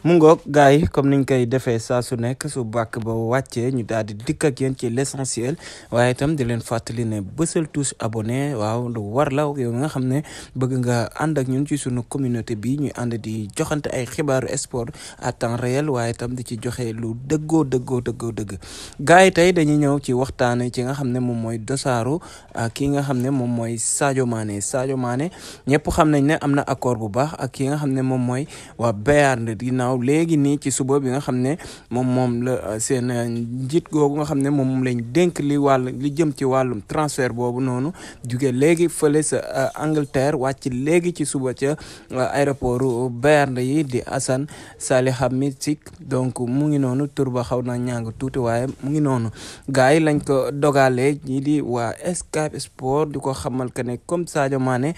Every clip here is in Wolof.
mu ngoog gars yi comme niñ koy defee saa su nekk su bàkk ba wàccee ñu daal di dikk ak yéen ci l' waaye itam di leen fàttali ne bësal touche abonné waaw lu war la yow nga xam ne bëgg nga ànd ak ñun ci sunu communauté bi ñu ànd di joxante ay xibaaru sport à temps waaye itam di ci joxe lu dëggoo dëggoo dëggoo dëgg gars yi tey dañuy ñëw ci waxtaane ci nga xam ne moom mooy dosaaru ah, ki nga xam ne moom mooy Sadio Mané Sadio Mané ñëpp xam nañ ne am na accord bu baax ak ki nga xam ne moom mooy waa Bayern ginnaaw léegi nii ci suba bi nga xam ne moom moom la euh, seen euh, njiit googu nga xam ne moom moom lañ dénk li wàll li jëm ci wàllum transfert boobu noonu jugee léegi fële sa euh, Angleterre wàcc léegi ci suba ca aéroport Berne yi di Hassan sik donc mu ngi noonu tur ba xaw na ñàng tuuti waaye mu ngi noonu gars yi lañ ko dogalee ñi di waa Sky Sport di ko xamal que ne comme Sadio maane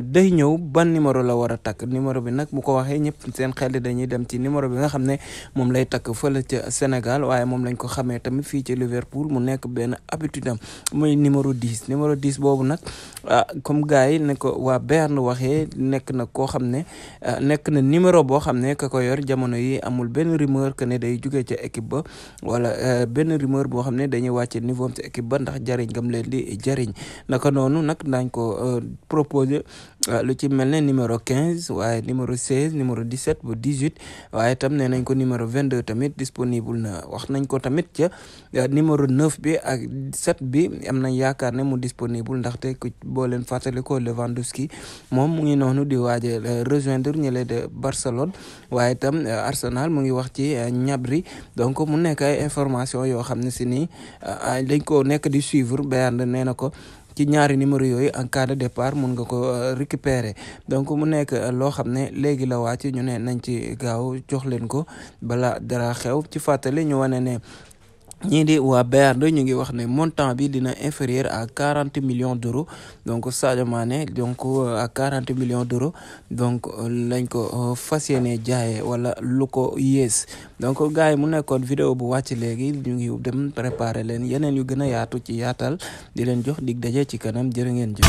day ñëw ba numéro la war takk numéro bi nag bu ko waxee ñëpp seen xel dañuy dañuy dem ci numéro bi nga xam ne moom lay takk fële ca Sénégal waaye moom lañ ko xamee tamit fii ci Liverpool mu nekk benn habitude am muy numéro 10 numéro 10 boobu nag ah comme gars yi ne ko waa Berne waxee nekk na koo xam ne ah, nekk na numéro boo xam ne ka ko yor jamono yi amul benn rumeur que ne day jugee ca équipe ba wala ah, benn rumeur boo xam ne dañuy wàcce niveau am ci équipe ba ndax jariñ ngam leen di jariñ naka noonu nag daañ ko ah, proposer lu ci mel ne numéro 15 waaye numéro 16 numéro 17 bu 18 waaye tam nee nañ ko numéro 22 tamit disponible na wax nañ ko tamit ca numéro 9 bi ak 7 am nañ yaakaar ne mu disponible ndaxte ku boo leen fàttalikoo Lewandowski moom mu ngi noonu di waaje euh, rejoindre ñi leen de Barcelone waaye tam euh, Arsenal mu ngi wax ci ñabri euh, donc mu nekk ay information yoo xam ne si nii dañ ko nekk di suivre Bayern nee na ko ci ñaari numéro yooyu en cas de mun nga ko récupérer donc mu nekk loo xam ne léegi la wàcc ñu ne nañ ci gaaw jox leen ko bala dara xew ci fàttali ñu wane ne ñii di waa Bayern ñu ngi wax ne montant bi dina inférieur à quarante millions d' donc Sadio Mané donc à quarante million d' euros donc lañ ko euh, fas yéene jaaye wala lu ko yées donc gars yi mu nekkoon vidéo bu wàcc léegi ñu ngi dem préparer leen yeneen yu gën a yaatu ci yaatal di leen jox dig daje ci kanam jërë ngeen jëf.